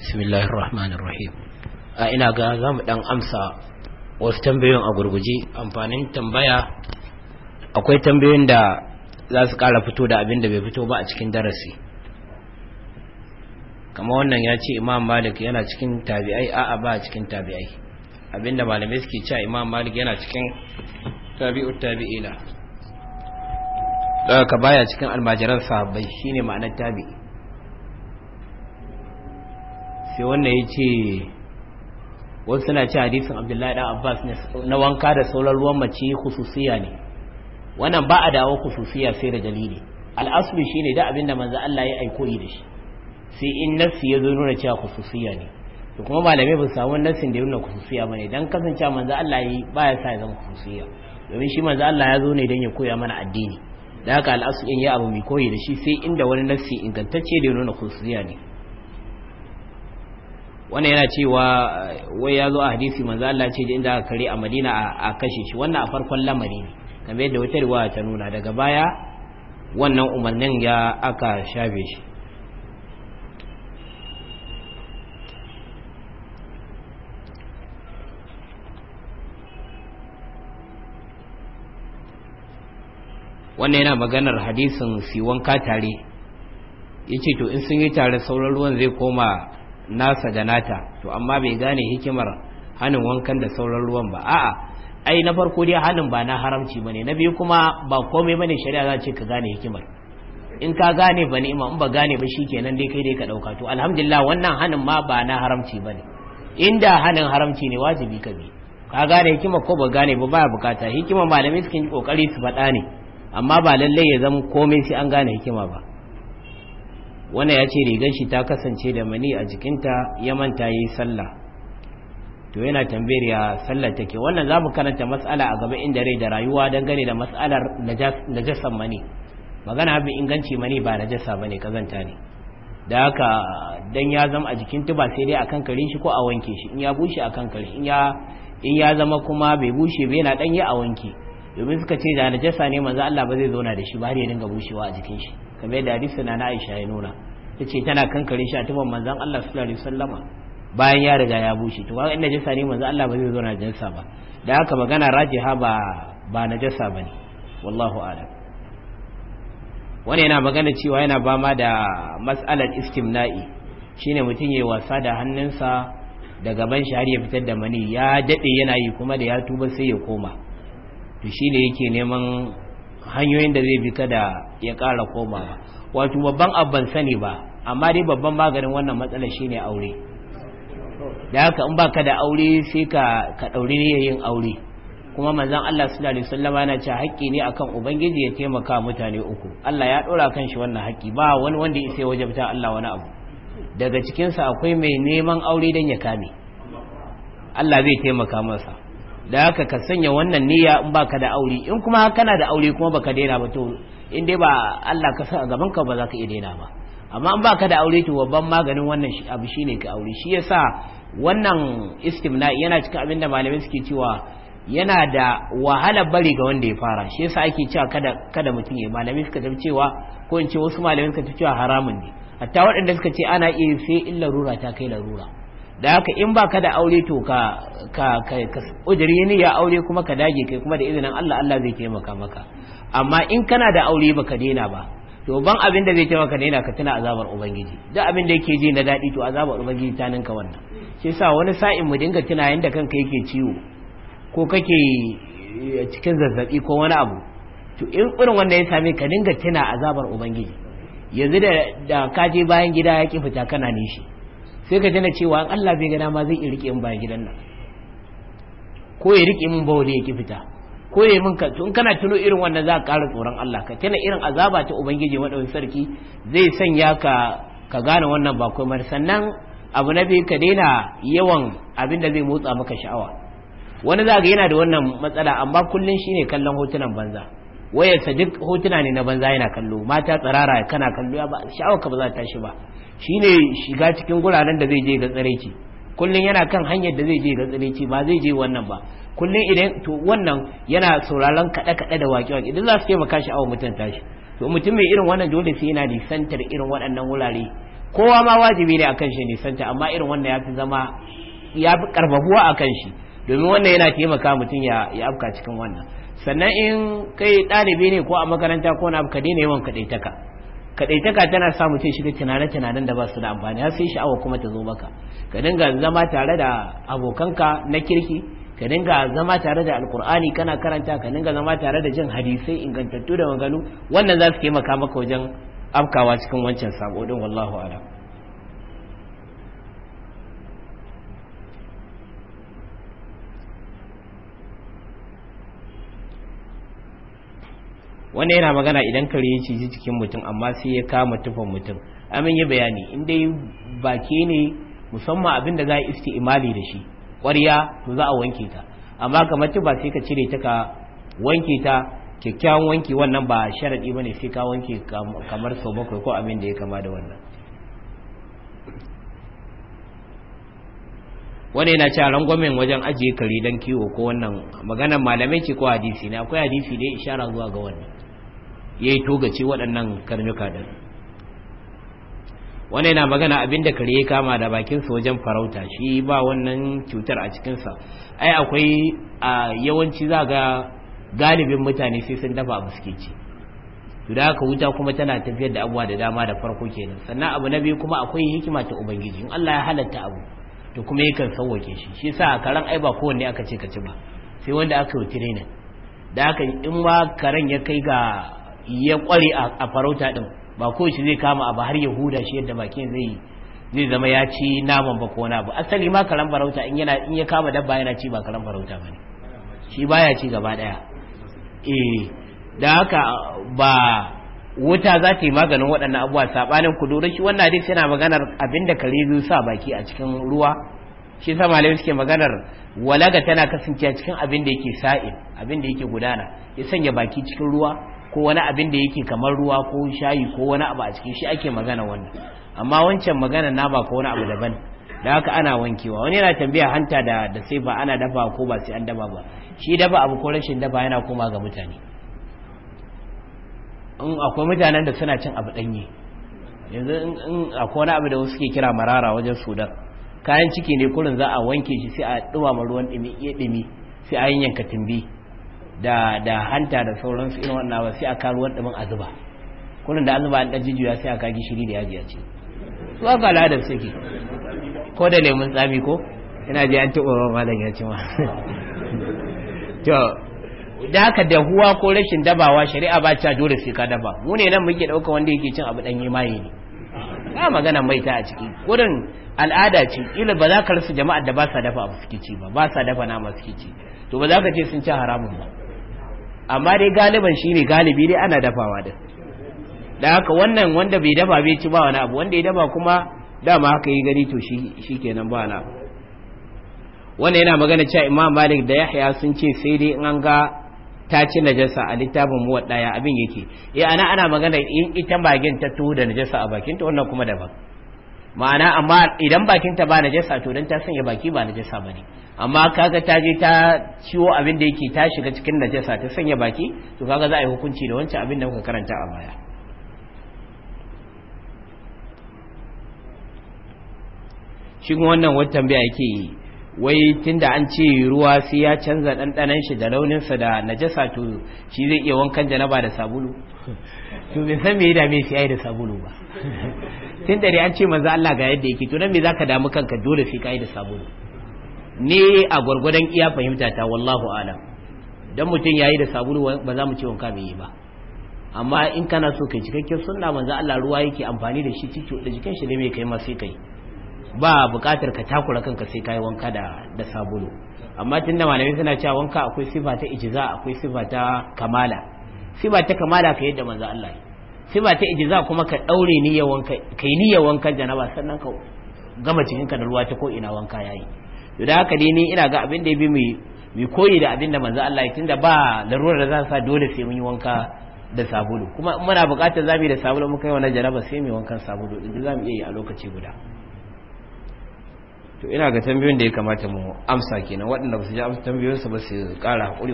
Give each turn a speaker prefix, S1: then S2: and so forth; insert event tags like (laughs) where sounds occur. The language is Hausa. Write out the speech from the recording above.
S1: bismillahir rahmanir rahim a ina ga za mu dan amsa wasu tambayoyin a gurguje amfanin tambaya akwai tambayoyin da za su kara fito da abin da bai fito ba a cikin darasi kama wannan ya ce imam malik yana cikin tabi'ai a'a ba a cikin tabi'ai abinda malamai suke cewa imam malik yana cikin tabi'ut tabi'ila ka baya cikin almajiran sahabbai shine ma'anar tabi'i sai wannan ya ce wasu suna ce hadisun abdullahi ɗan abbas na wanka da sauran ruwan mace khususiya ne wannan ba a dawo khususiya sai da dalili al'asuri shi ne da abin da manzan Allah ya aiko yi da shi sai in nassi ya zo nuna cewa khususiya ne to kuma malamai ba samu nassin da ya nuna ba ne don kasance manzan Allah ya yi ya sa ya zama khususiya domin shi manzan Allah ya zo ne don ya koya mana addini da haka al'asuri ya abu mai koyi da shi sai inda wani nassi ingantacce da ya nuna khususiya ne wannan yana cewa wai ya zo a hadisi manzo Allah ce inda aka kare a Madina a kashe shi wannan a farkon lamari ne kamar yadda wata riwaya ta nuna daga baya wannan umarnin ya aka shafe shi wannan yana maganar hadisin siwon katare ya ce to in sun yi tare sauran ruwan zai koma nasa da nata to amma bai gane hikimar hanin wankan da sauran ruwan ba a'a ai na farko dai hanin ba na haramci bane na biyu kuma ba komai bane shari'a za ce ka gane hikimar in ka gane ba ne, in ba gane ba shikenan dai kai dai ka ɗauka, to alhamdulillah wannan hanin ma ba na haramci bane inda hanin haramci ne wajibi ka bi ka gane hikimar ko ba gane ba baya bukata hikimar malamai sukan yi kokari su faɗa ne amma ba lallai ya zama komai sai an gane hikima ba wannan ya ce rigar shi ta kasance da mani a jikinta ya manta yi sallah to yana tambayar ya sallar take wannan za mu karanta matsala a gaba inda rai da rayuwa gane da matsalar najasan mani magana abin inganci mani ba najasa bane kazanta ne da haka dan ya zama a jikin tuba sai dai akan karin shi ko a wanke shi in ya bushe akan karin in ya in ya zama kuma bai bushe bai yana yi a wanke domin suka ce da najasa ne manzo Allah ba zai zauna da shi ba har ya dinga bushewa a jikin shi kamar da hadisi na Aisha ya nuna tace tana kankare shi a tuban manzon Allah sallallahu alaihi wasallama bayan ya riga ya bushe to kaga in najasa ne manzon Allah ba zai zo na jinsa ba da haka magana rajiha ba ba jinsa bane wallahu a'lam wani yana magana cewa yana ba ma da mas'alar istimna'i shine mutum yayi wasa da hannunsa da gaban shi har ya fitar da mani ya dade yana yi kuma da ya tuba sai ya koma to shine yake neman hanyoyin da zai bi kada ya ƙara komawa wato babban abban sani ba amma dai babban maganin wannan matsala shine aure da haka in baka da aure sai ka ka daure ne yin aure kuma manzon Allah sallallahu alaihi wasallam yana cewa haƙƙi ne akan ubangiji ya taimaka mutane uku Allah ya dora kan shi wannan haƙƙi ba wani wanda yake wajabta Allah wani abu daga cikin sa akwai mai neman aure dan ya kame Allah zai taimaka masa da haka ka sanya wannan niyya in baka da aure in kuma kana da aure kuma baka daina ba to in dai ba Allah ka sa a gaban ka ba za ka iya daina ba amma in baka da aure to babban maganin wannan abu shine ka aure shi yasa wannan istimna yana cikin abinda da malamai suke cewa yana da wahala bari ga wanda ya fara shi yasa ake cewa kada kada mutum ya malamai suka tafi cewa ko in ce wasu malamai suka tafi cewa haramun ne hatta waɗanda suka ce ana iya sai in larura ta kai larura da haka in ba ka da aure to ka ka ka ne ya aure kuma ka dage kai kuma da izinin Allah Allah zai taimaka maka amma in kana da aure baka daina ba to ban abin da zai taimaka daina ka tuna azabar ubangiji da abin da yake ji na daɗi to azabar ubangiji ta ninka wannan shi yasa wani sa'in mu dinga tuna yanda kanka yake ciwo ko kake eh, cikin zazzabi ko wani abu to in irin wanda ya same ka dinga tuna azabar ubangiji yanzu da ka je bayan gida ya ki fita kana nishi sai ka tana cewa an Allah bai gana ma zai iya rike in ba gidan nan ko ya rike min ba ya ki fita ko ya min ka in kana tuno irin wannan za ka ƙara tsoron Allah ka tana irin azaba ta ubangiji madawin sarki zai sanya ka ka gane wannan ba komai sannan abu na biyu ka daina yawan abin da zai motsa maka sha'awa wani za ga yana da wannan matsala amma kullum shine kallon hotunan banza wayarsa duk hotuna ne na banza yana kallo mata tsarara kana kallo ba sha'awa ka ba za ta tashi ba shine shiga cikin guraren da zai je ga tsiraici kullun yana kan hanyar da zai je ga tsiraici ba zai je wannan ba kullun idan to wannan yana sauraron kada kada da waƙe waƙe idan za su taimaka shi awa mutum tashi to mutum mai irin wannan dole sai yana nisantar irin waɗannan wurare kowa ma wajibi ne akan shi nisanta amma irin wannan ya fi zama ya fi a akan shi domin wannan yana taimaka mutum ya ya afka cikin wannan sannan in kai ɗalibi ne ko a makaranta ko na ka daina yawan kaɗaitaka kadaitaka tana sa mutum shiga tunane-tunanen da ba su da amfani har sai sha'awa kuma ta zo maka ka dinga zama tare da abokanka na kirki ka dinga zama tare da alkur'ani kana karanta ka dinga zama tare da jin hadisai ingantattu da maganu wannan za su taimaka maka wajen afkawa cikin wancan sabo din wallahu a'lam wannan yana magana idan kare ya ciji cikin mutum amma sai ya kama tufan mutum amin ya bayani in dai baki ne musamman abin da za a imali da shi ƙwarya to za a wanke ta amma kamar ba sai ka cire ta ka wanke ta kyakkyawan wanki wannan ba sharaɗi ba ne sai ka wanke kamar sau bakwai ko abin da ya kama da wannan wani yana cewa rangwamen wajen ajiye kare don kiwo ko wannan maganar malamai ce ko hadisi ne akwai hadisi da ishara zuwa ga wannan ya yi togace waɗannan karnuka ɗin wani yana magana abinda kare ya kama da bakinsa wajen farauta shi ba wannan cutar a cikinsa ai akwai a yawanci za ga galibin mutane sai sun dafa abu suke ci to da wuta kuma tana tafiyar da abuwa da dama da farko kenan sannan abu na biyu kuma akwai hikima ta ubangiji in Allah ya halatta abu to kuma yakan sauwake shi shi sa karan ai ba kowanne aka ce ka ci ba sai wanda aka yi tirinin da haka in ma karan ya kai ga ya kware a farauta din ba ko shi zai kama abu har yahuda shi yadda bakin zai zai zama ya ci naman ba ko ba asali ma kalan farauta in yana ya kama dabba yana ci ba kalan farauta bane shi baya ci gaba daya eh da haka ba wuta za ta yi maganin waɗannan abuwa saɓanin ku dora shi wannan duk yana maganar abin abinda kare zai sa baki a cikin ruwa shi sa malamai suke maganar walaga tana kasancewa cikin abin da yake sa'in abin da yake gudana ya sanya baki cikin ruwa ko wani abin da yake kamar ruwa ko shayi ko wani abu a cikin shi ake magana wannan amma wancan magana na ba ko wani abu daban da haka ana wankewa wani yana tambaya hanta da da sai ba ana dafa ko ba sai an dafa ba shi dafa abu ko rashin dafa yana koma ga mutane in akwai mutanen da suna cin abu danye yanzu in akwai wani abu da wasu ke kira marara wajen sudan kayan ciki ne kurin za a wanke shi sai a dumama ruwan ɗumi iya ɗumi sai a yin yanka tumbi da da hanta da sauransu irin wannan ba sai a kawo ruwan mun azuba kullun da an da an ya sai a ka gishiri da yaji ya ce to aka al'adar ke. ko da lemun tsami ko ina ji an taɓa mallan malam ya ce ma (laughs) to da haka da huwa ko rashin dabawa shari'a ba ta dole sai ka daba mu ne nan muke ɗauka wanda yake cin abu dan maye ne ba magana mai ta a ciki wurin al'ada ce ila ba za ka rasa jama'ar da ba sa dafa abu suke ci ba ba sa dafa nama suke ci to ba za ka ce sun ci haramun ba amma dai galiban shine galibi dai ana dafawa da da haka wannan wanda bai dafa bai ci ba wani abu wanda ya dafa kuma dama haka yi gani to shi kenan ba wani abu yana magana cewa imam malik da yahya sun ce sai dai in an ga ta ci najasa a littafin muwaddaya abin yake eh ana ana magana in ita magen ta tuhu da najasa a bakin ta wannan kuma daban ma'ana amma idan bakinta ba najasa to dan ta sanya baki ba najasa bane amma kaga ta je ta ciwo abin da yake ta shiga cikin najasa ta sanya baki to kaga za a yi hukunci da wancan abin da kuka karanta a baya Shin wannan wata tambaya yake yi wai tunda an ce ruwa sai ya canza ɗanɗanan shi da launinsa da najasa to shi zai iya wankan janaba da sabulu to bai san me ya dame shi ai da sabulu ba (laughs) tunda dai an ce manzo Allah ga yadda yake to nan me zaka damu kanka dole sai kai da sabulu ne a gurgurdan iya fahimta ta wallahu alam dan mutun yayi da sabulu ba za mu ce wanka bai yi ba amma in kana so kai cikakken sunna manzo Allah ruwa yake amfani da shi cikin da jikin shi ne mai kai ma sai kai ba buƙatar ka takura kanka sai ka yi wanka da da sabulu amma tun da malamai suna cewa wanka akwai sifa ta ijiza akwai sifa ta kamala sifa ta kamala ka yadda manzo Allah sifa ta ijiza kuma ka daure niyyar wanka kai niyyar wankan janaba sannan ka gama cikin ka da ruwa ta ko ina wanka yayi to da haka dai ni ina ga abin da ya bi mu mu koyi da abin da manzo Allah ya tunda ba larurar da za sa dole sai mun yi wanka da sabulu kuma muna buƙatar zamu yi da sabulu mun kai wannan janaba sai mu wankan sabulu idan zamu iya yi a lokaci guda to ina ga tambayoyin da ya kamata mu amsa kenan waɗanda ba su ji amsa tambayoyinsa ba su ƙara haƙuri